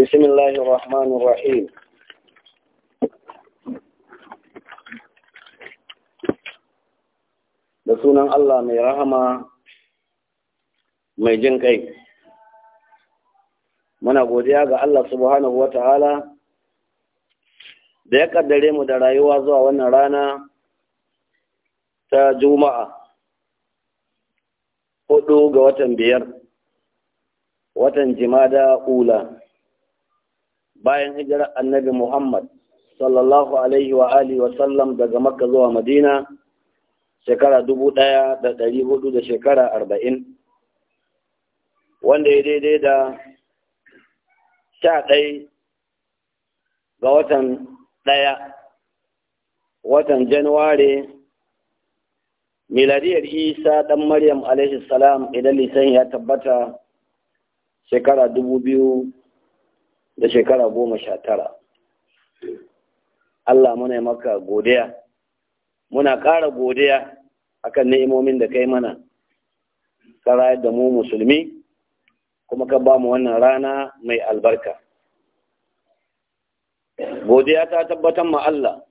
بسم الله الرحمن الرحيم da sunan Allah mai rahama mai jin kai muna godiya ga Allah subhanahu wa ta'ala da ya kaddare mu da rayuwa zuwa wannan rana ta juma'a hudu ga watan biyar watan jimada ula bayan hijirar annabi Muhammad sallallahu alaihi wa alihi wa sallam daga Makka zuwa Madina shekara dubu ɗaya da ɗari hudu da shekara arba'in wanda ya daidai da sha ɗai ga watan ɗaya watan januware miladiyar isa ɗan maryam a.s. salam idan lisan ya tabbata shekara dubu biyu da shekara goma sha tara Allah muna maka godiya muna ƙara godiya akan ni'imomin da kai mana ka da mu musulmi kuma ka ba mu wannan rana mai albarka godiya ta tabbatar ma Allah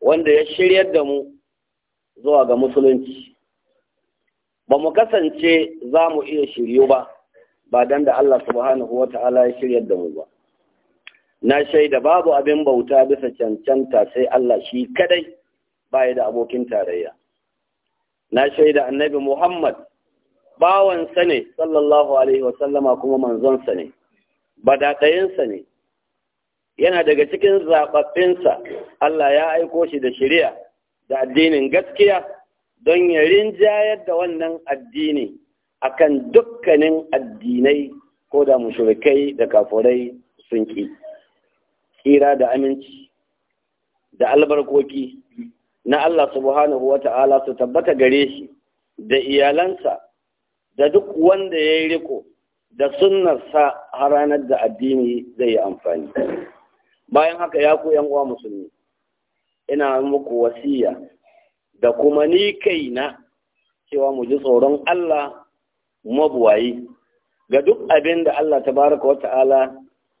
wanda ya shiryar da mu zuwa ga musulunci ba mu kasance za mu iya shiryo ba ba don da Allah subhanahu wa ta'ala ya shiryar da mu ba na shaida babu abin bauta bisa cancanta sai Allah shi kadai baya da abokin tarayya na shaida annabi Muhammad bawansa ne sallallahu alaihi wasallama kuma manzonsa ne badaɗayinsa ne yana daga cikin sa Allah ya aiko shi da shari'a da addinin gaskiya don ya rinjayar da wannan addini akan dukkanin addinai ko da mushrikai da kafurai sun ƙi. tsira da aminci da albarkoki na Allah subhanahu wa ta'ala su tabbata gare shi da iyalansa da duk wanda ya yi riko da sunarsa har ranar da addini zai yi amfani. Bayan haka ya ku ‘yan’uwa musulmi, ina muku wasiya da kuma ni na cewa mu ji tsoron Allah mabuwayi ga duk abin da Allah ta baraka wa ta'ala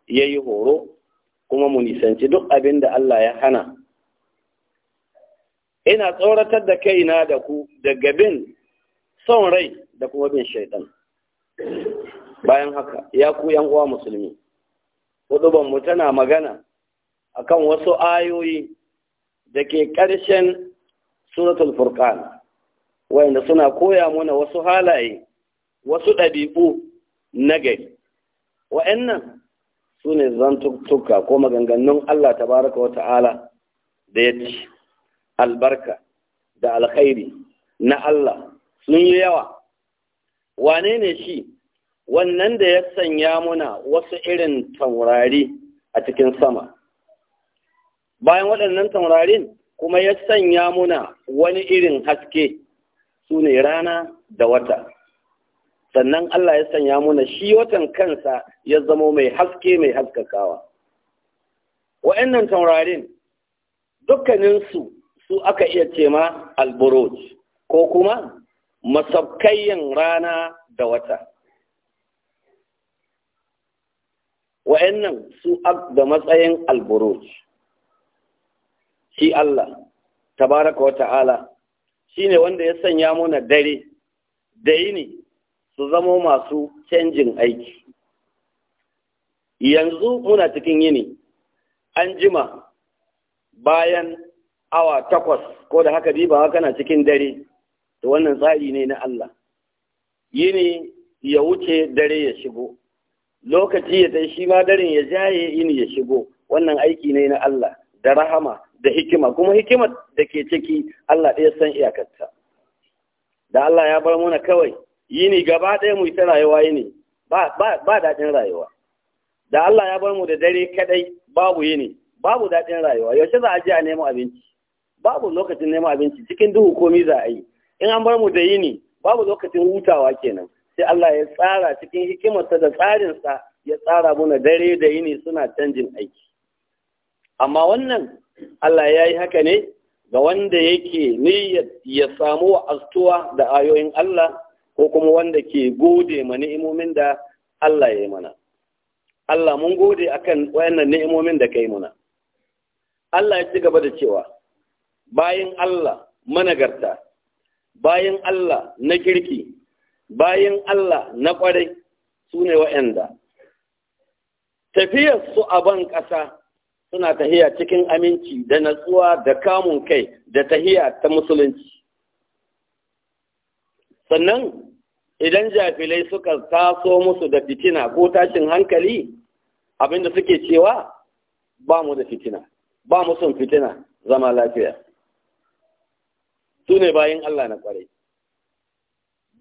ya yi horo kuma mu nisanci duk abin da Allah ya hana ina tsoratar da kaina da ku daga bin son rai da kuma bin shaidan bayan haka ya ku yan uwa musulmi mu tana magana a kan wasu ayoyi da ke ƙarshen suratul furqan wayanda suna koya mana wasu halaye wasu ɗabi'u na gari wa'annan su ne zantuttuka ko maganganun Allah tabaraka wa ta'ala da ya ci albarka da alkhairi na Allah sun yi yawa wane ne shi wannan da ya sanya muna wasu irin taurari a cikin sama bayan waɗannan taurarin kuma ya sanya muna wani irin haske su ne rana da wata sannan Allah ya sanya muna shi watan kansa ya zamo mai haske mai haskakawa wa'annan taurarin dukkaninsu su aka iya ce ma alburoj ko kuma masabkayyan rana da wata nan su da matsayin alburoj shi Allah tabaraka wa ta'ala ne wanda ya sanya muna dare da yini su zamo masu canjin aiki yanzu muna cikin yini an jima bayan awa takwas ko da haka biyu ba kana cikin dare Da wannan tsari ne na Allah yini ya wuce dare ya shigo lokaci ya tai shi ma daren ya jaye yini ya shigo wannan aiki ne na Allah da rahama da hikima kuma hikimar da ke ciki Allah ɗaya san iyakarta da Allah ya bar muna kawai yini gaba ɗaya mu ta rayuwa yini ba ba daɗin rayuwa da Allah ya bar mu da dare kaɗai babu yini babu daɗin rayuwa yaushe za a ji a nemo abinci babu lokacin nemo abinci cikin duhu komi za a yi in an bar mu da yini babu lokacin hutawa kenan sai Allah ya tsara cikin hikimarsa da tsarinsa ya tsara muna dare da yini suna canjin aiki amma wannan Allah ya yi haka ne ga wanda yake niyyar ya samu wa'aztuwa da ayoyin Allah ko kuma wanda ke gode ma ni'imomin da Allah ya yi mana Allah mun gode akan wayannan ni'imomin da kai mana. Allah ya ci gaba da cewa bayan Allah managarta bayan Allah na kirki bayan Allah na kwarai su ne Tafiyar su a ban ƙasa suna tahiya cikin aminci da natsuwa da kamun kai da tahiya ta musulunci sannan idan jafilai suka taso musu da fitina ko tashin hankali abinda suke cewa ba mu da fitina ba mu sun fitina zama lafiya su ne bayan Allah na kwarai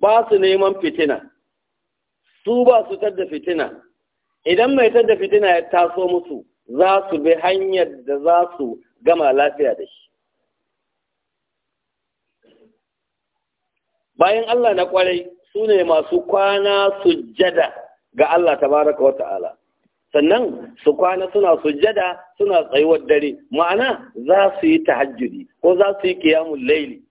ba su neman fitina su ba su tadda fitina idan mai tadda fitina ya taso musu za su bi hanyar da za su gama lafiya da shi bayan Allah na ƙwarai, su ne masu kwana sujjada ga Allah tabaraka wata'ala sannan su kwana suna sujjada suna tsayuwar dare ma'ana za su yi tahajjudi ko za su yi kiyamun laili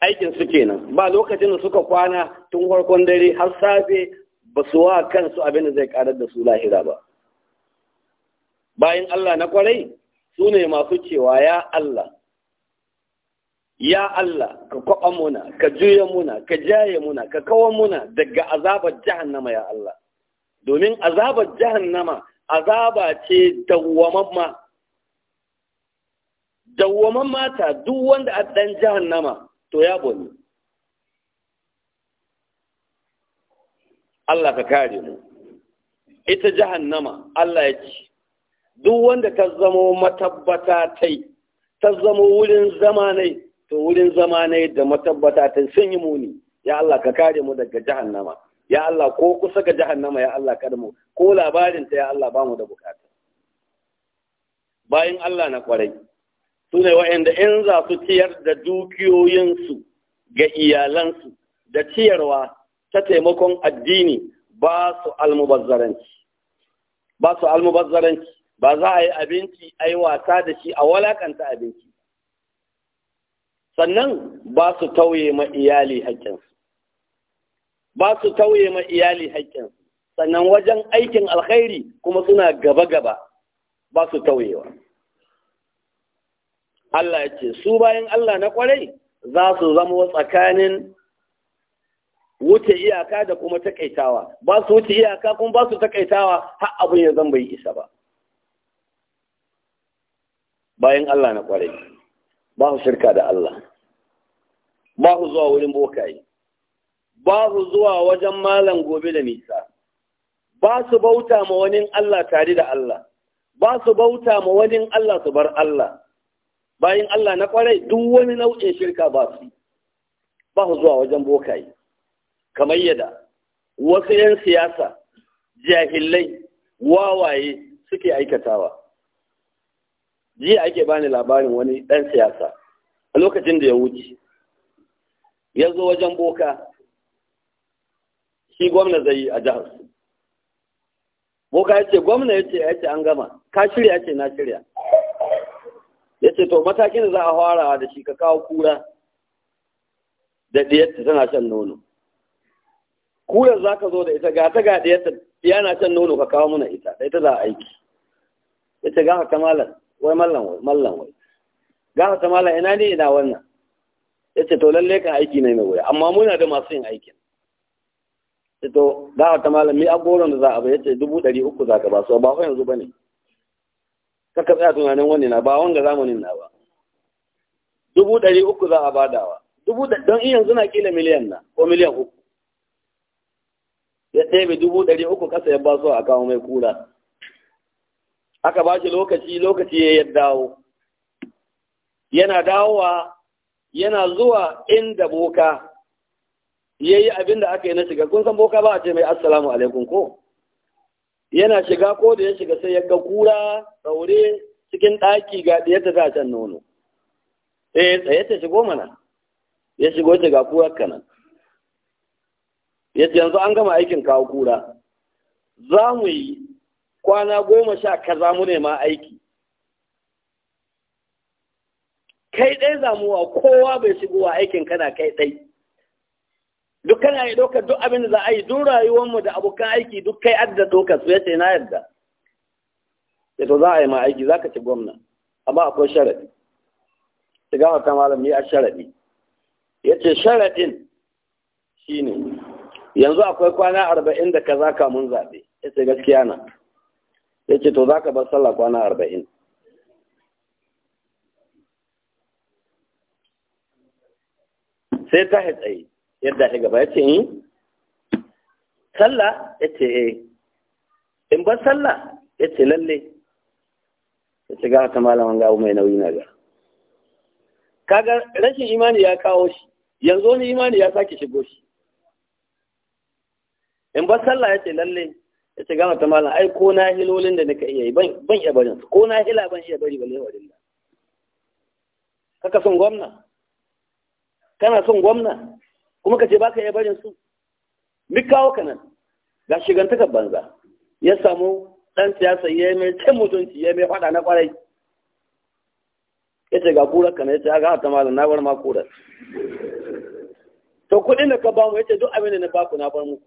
aikin su kenan ba lokacin da suka kwana tun farkon dare har safe ba su wa kansu abin da zai karar da su lahira ba bayan Allah na ƙwarai, su ne masu cewa ya Allah ya Allah ka kwaɓa muna ka juya muna ka jaye muna ka kawo muna daga azabar jahannama ya Allah domin azabar jahannama azaba ce dawwamamma dawwaman mata duk wanda a ɗan jahannama to ya boni Allah ka kare mu ita jahannama Allah ya ce duk wanda ta zamo matabbata tai ta zamo wurin zama ne to wurin zama ne da matabbata ta sun yi muni ya Allah ka kare mu daga jahannama ya Allah ko kusa ga jahannama ya Allah kada mu ko labarin ta ya Allah ba mu da bukata bayan Allah na kwarai su ne wa'anda in za su ciyar da dukiyoyinsu ga iyalansu da ciyarwa ta taimakon addini ba su almubazzaranci ba su almubazzaranci ba za a yi abinci a yi wasa da shi a walakanta abinci sannan ba su tauye ma iyali haƙƙinsu ba su tauye ma iyali haƙƙinsu sannan wajen aikin alkhairi kuma suna gaba-gaba ba su tauyewa Allah ya ce su bayan Allah na kwarai za su zama tsakanin wuce iyaka da kuma takaitawa ba su wuce iyaka kuma ba su takaitawa har abin ya zan bai isa ba bayan Allah na kwarai ba su shirka da Allah ba su zuwa wurin bokaye ba su zuwa wajen malam gobe da nisa ba su bauta ma wani Allah tare da Allah ba su bauta ma wani Allah su bar Allah bayan Allah na kwarai duk wani nau'in shirka ba su ba su zuwa wajen bokaye kamar yadda wasu 'yan siyasa jahilai wawaye suke aikatawa jiya ake bani labarin wani dan siyasa a lokacin da ya wuce ya zo wajen boka shi gwamna zai yi a jihar boka ya ce gwamna ya ce ya ce an gama ka shirya ya ce na shirya ya ce to matakin da za a fara da shi ka kawo kura da ɗiyarta tana shan nono Kura za ka zo da ita ga ta ga ɗiyarta yana shan nono ka kawo mana ita da ita za a aiki ya ce ga haka kamalar wai mallan wai mallan wai gafa ta mallan ina ne ina wannan ya ce to lalle kan aiki ne mai wuya amma muna da masu yin aikin ya to gafa ta mallan mai agoron da za a bai ya ce dubu ɗari uku za ka ba su ba yanzu ba ne kaka tsaya tunanin wani na ba wanga zamanin na ba dubu ɗari uku za a badawa dubu da don iya yanzu na kila miliyan na ko miliyan uku ya ɗebe dubu ɗari uku kasa ya ba su a kawo mai kura aka ba shi lokaci lokaci ya dawo yana dawowa yana zuwa inda boka ya yi abin da aka yi na shiga kun san boka ba a ce mai assalamu alaikum ko yana shiga ko da ya shiga sai ya ga kura saure cikin ɗaki ga ɗaya ta can nono eh tsaye ta shigo mana ya shigo ta ga kurar kanan ya ce yanzu an gama aikin kawo kura za mu yi kwana goma sha kaza mu ne ma aiki kai ɗai zamuwa kowa bai wa aikin kana kai ɗai duk kana yi ɗaukar duk abin da za a yi duk rayuwarmu da abokan aiki duk kai adda ɗaukar su ya ce na yarda ya to za a yi ma aiki za ka ci gwamna amma akwai sharaɗi shiga wata malam ya a sharaɗi ya ce sharaɗin shine yanzu akwai kwana arba'in da kaza kamun zaɓe ya ce gaskiya na ya ce to za ka bar sallah kwana arba'in sai ta tsaye yadda ya gaba ya ce yi hmm? sallah ya ce e in bar sallah ya ce lalle ya ce ga ta malaman gawo mai nauyi na ga kaga rashin imani ya kawo shi yanzu wani imani ya sake shigo shi in bar sallah ya ce lalle ya ce gama ta malam ai ko na hilolin da nika iya yi ban iya barin ko na hila ban iya bari balle wajen da kaka son gwamna kana son gwamna kuma ka ce baka iya barin su mi kawo ka nan ga shigantakar banza ya samu dan siyasa ya mai cin mutunci ya mai faɗa na kwarai ya ce ga kurar ka na ya ce a gama ta malam na bar ma kurar to kuɗin da ka ba mu ya ce duk abin da na baku na bar muku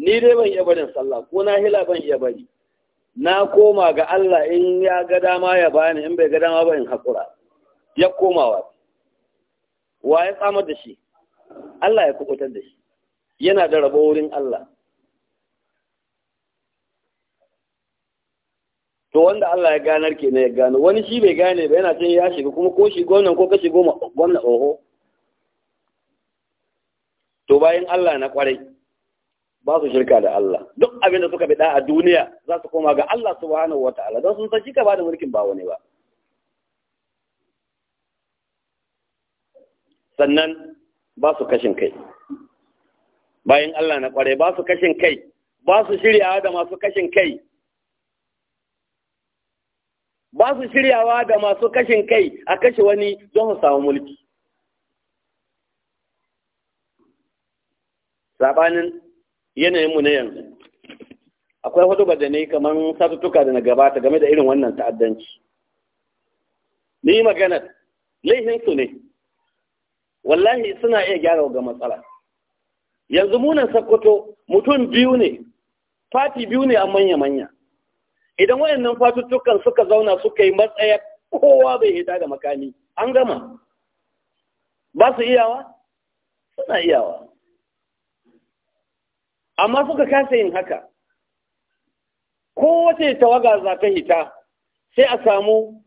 ni dai ban iya barin sallah ko na hila ban iya bari na koma ga Allah in ya ga dama ya bani in bai ga dama ba in hakura ya komawa wa ya samar da shi Allah ya kubutar da shi yana da rabo wurin Allah to wanda Allah ya ganar ke ya gano wani shi bai gane ba yana cin ya shiga kuma ko shi gwamnan ko kashi goma gwamna oho to bayan Allah na kwarai ba su shirka da Allah duk abin da suka bi a duniya za su koma ga Allah subhanahu wataala don sun san shi ka ba da mulkin ba wani ba sannan ba su kashin kai bayan Allah na kware ba su kashin kai ba su shiryawa da masu kashin kai ba su shiryawa da masu kashin kai a kashe wani don su samu mulki sabanin yanayinmu na yanzu akwai ba da ne kamar satuttuka da na gabata game da irin wannan ta'addanci ni maganar laifinsu ne wallahi suna iya gyara ga matsala yanzu munan sakkwato mutum biyu ne fati biyu ne a manya-manya idan wayannan fatuttukan suka zauna suka yi matsaya kowa bai hita da makami an gama ba su iyawa suna iyawa amma suka kasa yin haka kowace tawaga za ta hita sai a samu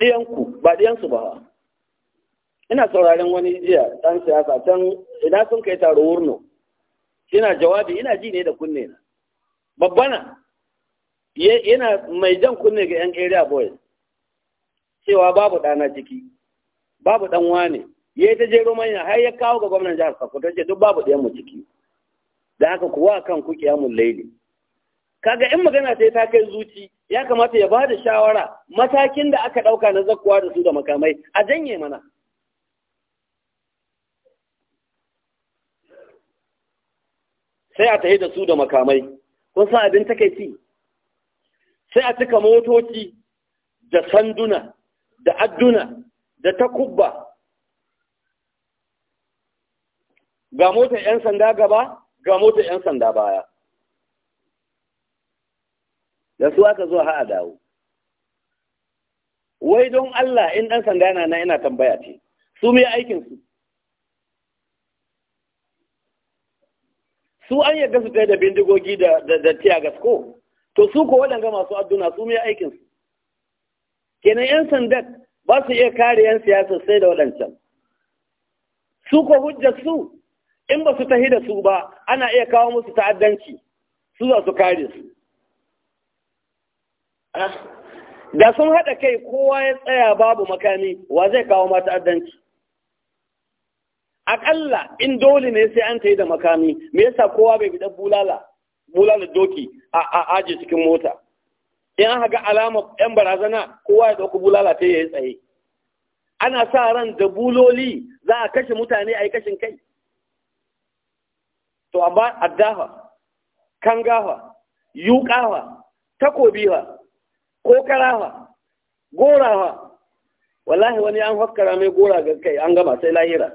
ɗiyanku ba ɗiyansu ba ina sauraren wani jiya ɗan siyasa can ina sun kai taro wurno ina jawabi ina ji ne da kunne na babbana yana mai jan kunne ga 'yan area boys cewa babu ɗana ciki babu ɗan wane ya yi ta jero manya har ya kawo ga gwamnan jihar sokoto ce duk babu ɗayan mu ciki da haka kuwa kan ku kiyamun laili kaga in magana sai ta kai zuci ya kamata ya ba da shawara matakin da aka ɗauka na zakkuwa da su da makamai a janye mana sai a tahi da su da makamai kun san abin takaici sai a cika motoci da sanduna da adduna da takubba ga motar 'yan sanda gaba ga motar 'yan sanda baya da su aka zo ha a dawo wai don Allah in ɗan sanda yana na ina tambaya ce su mai aikinsu su an yadda su kai da bindigogi da a gasko to su ko waɗanga masu adduna su mai aikinsu kenan 'yan sandan ba su iya kare 'yan siyasa sai da waɗancan su ko hujjar su in ba su tahi da su ba ana iya kawo musu ta'addanci su za su kare su da sun haɗa kai kowa ya tsaya babu makami wa zai kawo ma ta'addanci aƙalla in dole ne sai an tayi da makami me yasa kowa bai bidan bulala bulala doki a aje cikin mota in an haga alama yan barazana kowa ya ɗauki bulala ta yayi tsaye ana sa ran da buloli za a kashe mutane a yi kashin kai to amma addafa kangafa yuƙafa takobifa ko karafa gorafa wallahi wani an fakkara mai gora ga kai an gama sai lahira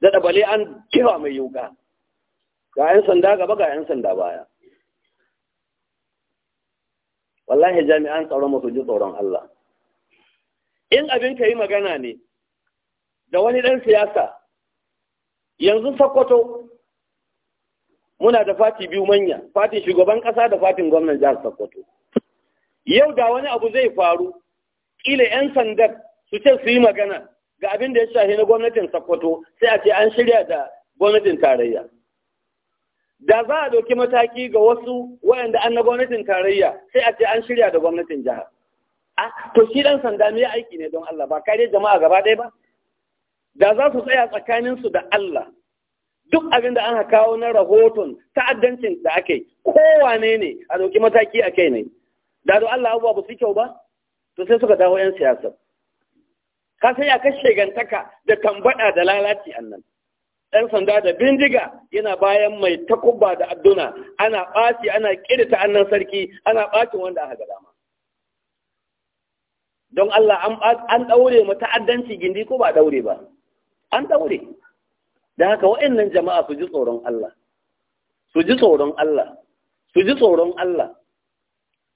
da bale an kewa mai yuƙa ga 'yan sanda gaba ga 'yan sanda baya wallahi jami'an tsaron masu ji tsoron Allah in abin ka yi magana ne da wani ɗan siyasa yanzu sakwato muna da fati biyu manya fatin shugaban ƙasa, da fatin gwamnan jihar sokoto yau da wani abu zai faru ƙila yan sandar su ce su yi magana ga abin da ya shafi na gwamnatin sokoto sai a ce an shirya da gwamnatin tarayya da za a ɗauki mataki ga wasu waɗanda an na gwamnatin tarayya sai a ce an shirya da gwamnatin jihar a to shi ɗan sanda me aiki ne don Allah ba kare jama'a gaba ɗaya ba da za su tsaya tsakaninsu da Allah duk abin da an kawo na rahoton ta'addancin da aka yi kowane ne a ɗauki mataki a kai ne da don Allah abubuwa ba su kyau ba to sai suka dawo 'yan siyasa ka sai ya kashe gantaka da tambada da lalaci annan ɗan sanda da bindiga yana bayan mai takuba da adduna ana ɓaci ana kirita annan sarki ana ɓacin wanda aka ga dama don Allah an ɗaure mu ta'addanci gindi ko ba ɗaure ba an ɗaure da haka wa'annan jama'a su ji tsoron Allah su ji tsoron Allah su ji tsoron Allah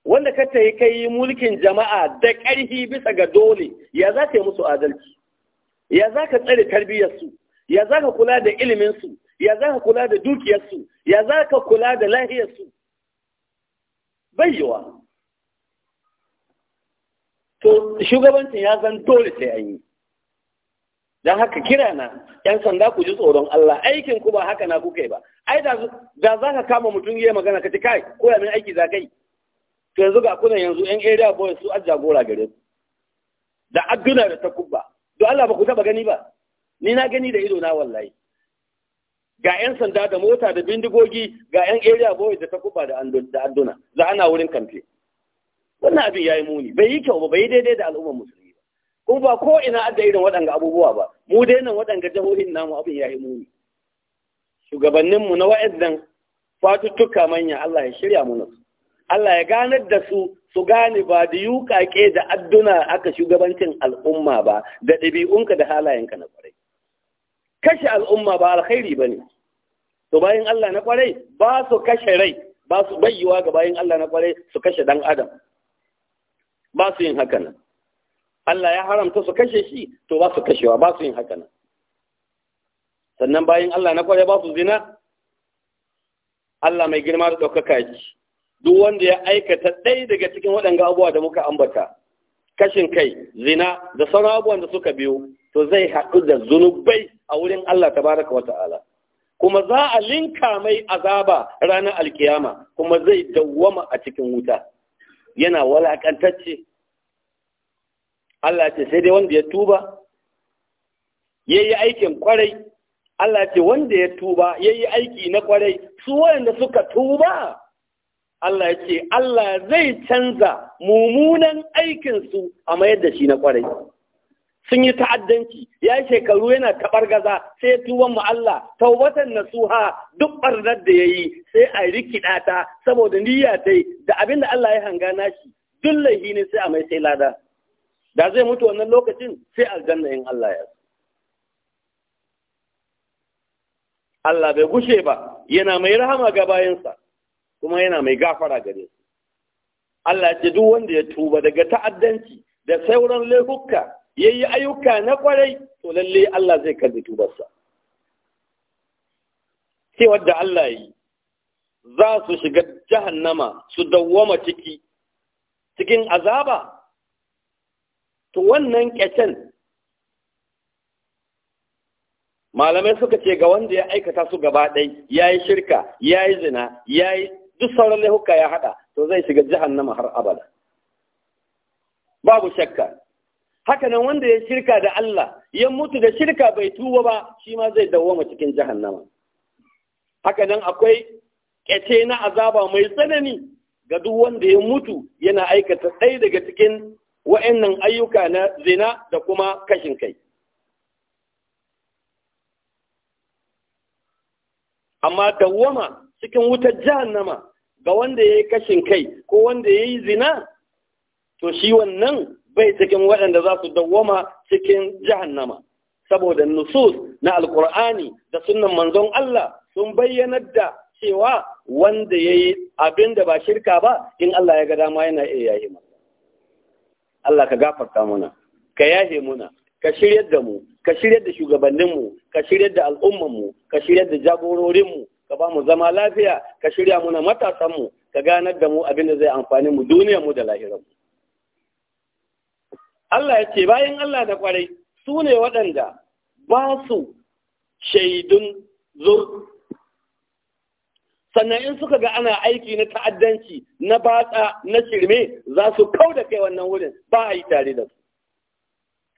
wanda ka ta yi kai mulkin jama'a da ƙarfi bisa ga dole ya za ka yi musu adalci ya za ka tsare tarbiyyarsu ya za ka kula da iliminsu ya za ka kula da dukiyarsu ya za ka kula da lahiyarsu bai bayyawa to shugabancin ya zan dole sai an yi don haka kira na yan sanda ku ji tsoron Allah aikin ku ba haka na kuka yi ba ai da za ka kama mutum yi magana ka ci kai ko ya min aiki za kai to yanzu ga kuna yanzu yan area boy su jagora gare su da adduna da ta kubba. to Allah ba ku taba gani ba ni na gani da ido na wallahi ga 'yan sanda da mota da bindigogi ga 'yan area boy da ta kubba da adduna za ana wurin kamfe wannan abin ya yi muni bai yi kyau ba bai yi daidai da al'ummar musulmi kuma ba ko ina adda irin waɗanga abubuwa ba mu dai nan waɗanga jahohin namu abin ya yi muni shugabanninmu na wa'azan fatuttuka manya Allah ya shirya mu Allah ya ganar da su su gane ba da yuƙaƙe da adduna aka shugabancin al'umma ba da ɗabi'unka da halayenka na kwarai kashe al'umma ba alkhairi ba ne to bayan Allah na kwarai ba su kashe rai ba su bayyuwa ga bayan Allah na kwarai su kashe ɗan adam ba su yin haka nan Allah ya haramta su kashe shi to ba su kashewa ba su yin haka nan sannan bayan Allah na kware ba su zina Allah mai girma da ɗaukaka ji duk wanda ya aikata ɗaya daga cikin waɗanga abubuwa da muka ambata kashin kai zina da sauran abubuwan da suka biyo to zai haɗu da zunubai a wurin Allah tabaraka wa ta'ala kuma za a linka mai azaba ranar alkiyama kuma zai dawwama a cikin wuta yana walakantacce Allah ce sai dai wanda ya tuba yayi aikin kwarai Allah ce wanda ya tuba yayi aiki na kwarai su wanda suka tuba Allah ce Allah zai canza mummunan aikinsu a mayar da shi na kwarai sun yi ta'addanci ya shekaru yana taɓar gaza sai ya tuban mu Allah taubatan nasuha duk barnar da yayi sai a rikida ta saboda niyya ta da abin da Allah ya hanga nashi duk laifi ne sai a mai sai lada da zai mutu wannan lokacin sai aljanna in Allah ya Allah bai gushe ba yana mai rahama ga bayansa kuma yana mai gafara gare su Allah ce duk wanda ya tuba daga ta'addanci da sauran laifuka yayi ayyuka na kwarai to lalle Allah zai karbi tubarsa sai wadda Allah yi za su shiga jahannama su dawwama ciki cikin azaba to wannan ƙyacen malamai suka ce ga wanda ya aikata su gaba ɗai ya yi shirka ya yi zina ya yi duk sauran laifuka ya haɗa to zai shiga nama har abada babu shakka hakanan wanda ya shirka da Allah ya mutu da shirka bai tuba ba shi ma zai dawoma cikin jahannama hakanan akwai ƙyace na azaba mai tsanani ga duk wanda ya mutu yana aikata ɗaya daga cikin waɗannan ayyuka na zina da kuma kashin kai amma dawwama cikin wutar nama ga wanda ya yi kashin kai ko wanda ya yi zina to shi wannan bai cikin waɗanda za su dawwama cikin nama. saboda nusus na alkur'ani da sunan manzon Allah sun bayyanar da cewa wanda ya yi abin da ba shirka ba in Allah ya ga dama yana iya yi mana Allah ka gafarta muna ka yahe muna ka shiryar da mu ka shiryar da shugabanninmu ka shiryar da al'ummanmu ka shiryar da jagororinmu ka ba mu zama lafiya ka shirya muna matasanmu ka ganar da mu abin da zai amfani mu duniyarmu da lahirarmu Allah ya ce bayan Allah da kwarai sune ne waɗanda ba su shaidun zur sannan in suka ga ana aiki na ta'addanci na batsa na shirme za su kau da kai wannan wurin ba a yi tare da su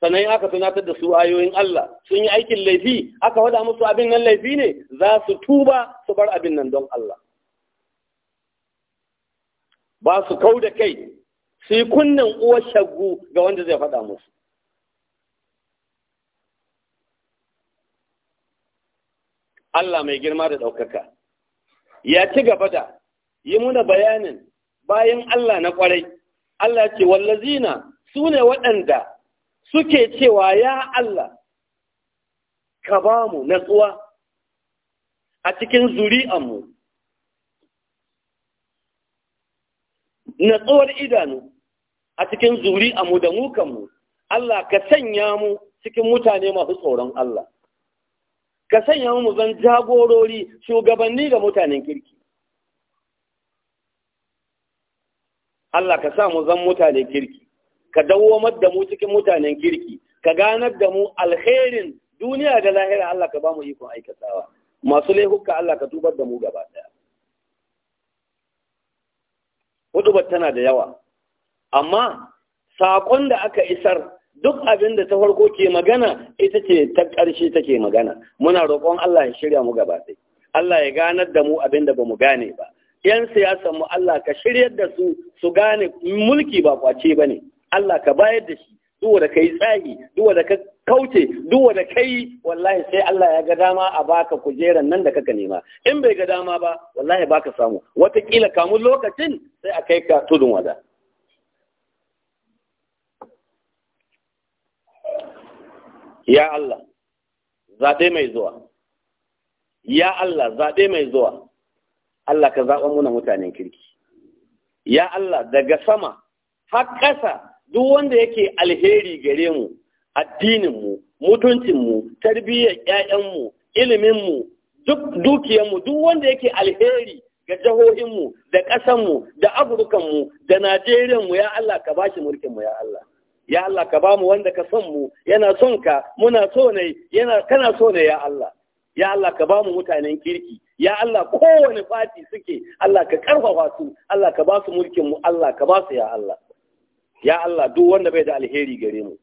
sannan in aka tunatar da su ayoyin Allah sun yi aikin laifi aka faɗa musu abin nan laifi ne za su tuba su bar abin nan don Allah ba su kau da kai su yi kunnen uwar shaggu ga wanda zai faɗa musu Allah mai girma da ɗaukaka ya ci gaba da yi muna bayanin bayan Allah na ƙwarai, Allah ce wallazina su ne waɗanda suke cewa ya Allah ka ba mu natsuwa a cikin zuri'anmu natsuwar idanu a cikin zuri'anmu da mukanmu, Allah ka sanya mu cikin mutane masu tsoron Allah ka sanya mu zan jagorori shugabanni ga mutanen kirki Allah ka sa mu zan mutanen kirki ka dawwamar da mu cikin mutanen kirki ka ganar da mu alherin duniya da lahira Allah ka ba mu ikon aikatawa masu laihuka Allah ka tubar da mu gaba daya hudubar tana da yawa amma saƙon da aka isar duk abin da ta farko ke magana ita ce ta ƙarshe take magana muna roƙon Allah ya shirya mu gaba Allah ya ganar da mu abin da mu gane ba yan siyasar mu Allah ka shiryar da su su gane mulki ba kwace ba ne. Allah ka bayar da shi duk da kai tsagi duk da ka kauce duk da kai wallahi sai Allah ya ga dama a baka kujeran nan da kaka nema in bai ga dama ba wallahi baka samu wataƙila kamun lokacin sai a kai ka tudun wada ya Allah zaɓe mai zuwa ya Allah zaɓe mai zuwa Allah ka zaɓa muna mutanen kirki ya Allah daga sama har ƙasa duk wanda yake alheri gare mu addininmu mutuncinmu tarbiyyar ƴaƴanmu iliminmu duk mu, duk wanda yake alheri ga jahohinmu da ƙasanmu da afirkanmu da najeriyanmu ya Allah ka bashi mulkinmu ya Allah ya Allah ka mu wanda ka son mu yana son ka muna so ne yana kana so ne ya Allah ya Allah ka mu mutanen kirki ya Allah kowane fati suke Allah ka karfafa su Allah ka ba su mulkin mu Allah ka ba su ya Allah ya Allah duk wanda bai da alheri gare mu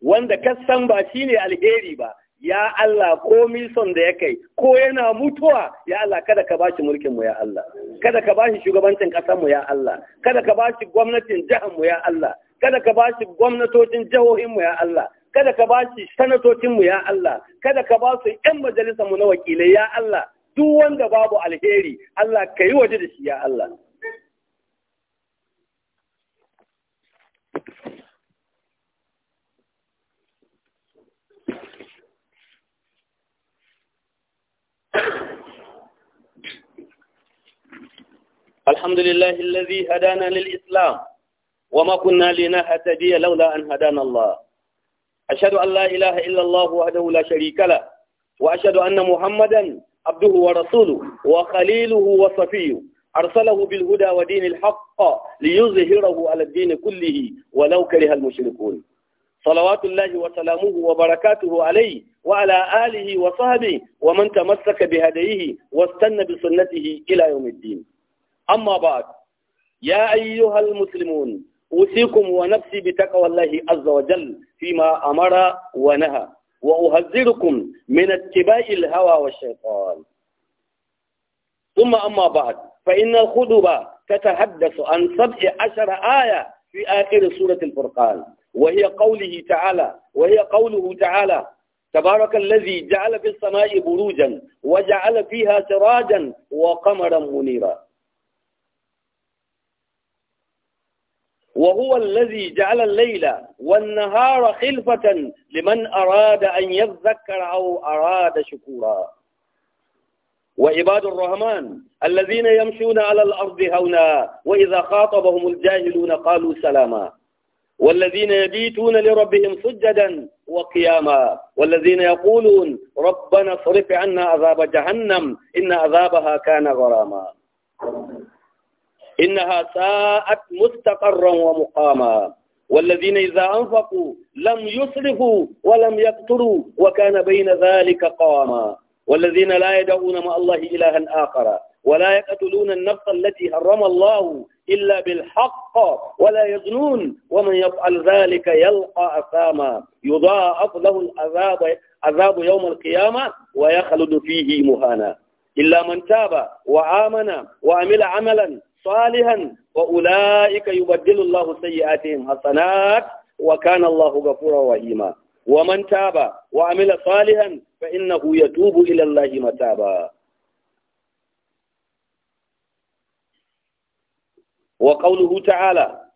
wanda ka san ba shine alheri ba ya Allah ko milson da ya kai ko yana mutuwa ya Allah kada ka bashi mulkin mu ya Allah kada ka bashi shugabancin kasar mu ya Allah kada ka bashi gwamnatin jihar mu ya Allah kada ka ba shi gwamnatocin jihohinmu ya Allah kada ka ba shi sanatocinmu ya Allah kada ka ba su ƴan majalisarmu na wakilai ya Allah duk wanda babu alheri Allah ka yi waje da shi ya Allah الحمد لله الذي هدانا للإسلام وما كنا لنهتدي لولا أن هدانا الله أشهد أن لا إله إلا الله وحده لا شريك له وأشهد أن محمدا عبده ورسوله وخليله وصفيه أرسله بالهدى ودين الحق ليظهره على الدين كله ولو كره المشركون صلوات الله وسلامه وبركاته عليه وعلى آله وصحبه ومن تمسك بهديه واستنى بسنته إلى يوم الدين أما بعد يا أيها المسلمون أوصيكم ونفسي بتقوى الله عز وجل فيما أمر ونهى وأهذركم من اتباع الهوى والشيطان ثم أما بعد فإن الخطبة تتحدث عن سبع عشر آية في آخر سورة الفرقان وهي قوله تعالى وهي قوله تعالى تبارك الذي جعل في السماء بروجا وجعل فيها سراجا وقمرا منيرا وهو الذي جعل الليل والنهار خلفة لمن أراد أن يذكر أو أراد شكورا وعباد الرحمن الذين يمشون على الأرض هونا وإذا خاطبهم الجاهلون قالوا سلاما والذين يبيتون لربهم سجدا وقياما والذين يقولون ربنا اصرف عنا عذاب جهنم إن عذابها كان غراما إنها ساءت مستقرا ومقاما والذين إذا أنفقوا لم يسرفوا ولم يقتروا وكان بين ذلك قاما والذين لا يدعون مع الله إلها آخر ولا يقتلون النفس التي حرم الله إلا بالحق ولا يزنون ومن يفعل ذلك يلقى أثاما يضاعف له العذاب عذاب يوم القيامة ويخلد فيه مهانا إلا من تاب وآمن وعمل عملا صالحا وأولئك يبدل الله سيئاتهم حسنات وكان الله غفورا رحيما ومن تاب وعمل صالحا فإنه يتوب إلى الله متابا وقوله تعالى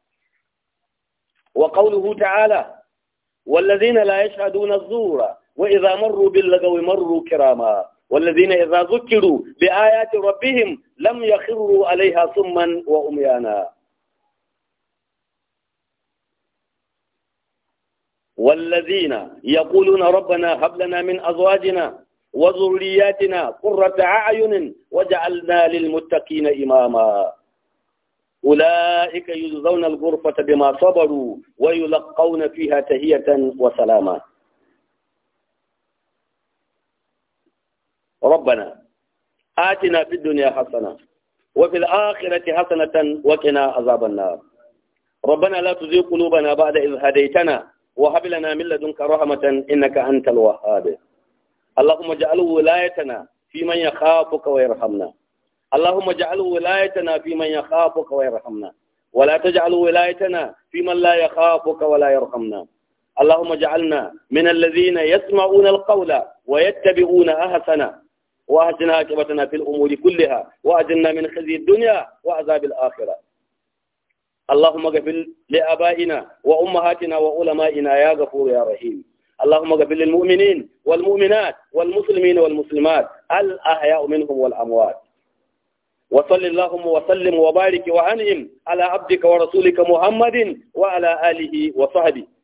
وقوله تعالى والذين لا يشهدون الزور وإذا مروا باللغو مروا كراما والذين إذا ذكروا بآيات ربهم لم يخروا عليها صما وأميانا والذين يقولون ربنا هب لنا من أزواجنا وذرياتنا قرة أعين وجعلنا للمتقين إماما أولئك يجزون الغرفة بما صبروا ويلقون فيها تهية وسلاما ربنا آتنا في الدنيا حسنة وفي الآخرة حسنة وقنا عذاب النار ربنا لا تزغ قلوبنا بعد إذ هديتنا وهب لنا من لدنك رحمة إنك أنت الوهاب اللهم اجعل ولايتنا في من يخافك ويرحمنا اللهم اجعل ولايتنا في من يخافك ويرحمنا ولا تجعل ولايتنا في من لا يخافك ولا يرحمنا اللهم اجعلنا من الذين يسمعون القول ويتبعون أحسنه واهدنا عاقبتنا في الأمور كلها وأجلنا من خزي الدنيا وعذاب الآخرة اللهم اغفر لآبائنا وأمهاتنا وعلمائنا يا غفور يا رحيم اللهم اغفر للمؤمنين والمؤمنات والمسلمين والمسلمات الأحياء منهم والأموات وصل اللهم وسلم وبارك وأنعم على عبدك ورسولك محمد وعلى آله وصحبه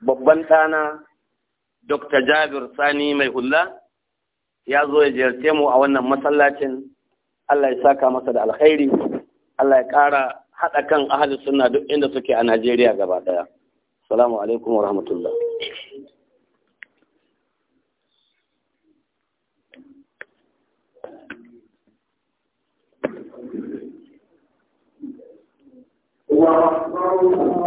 babban ɗana Dr. Jabir Sani mai hula ya zo ya ziyarce mu a wannan masallacin Allah ya saka masa da alkhairi Allah ya ƙara haɗa kan ahalin suna duk inda suke a Najeriya gaba ɗaya. Salamu alaikum wa rahmatullah. Wow.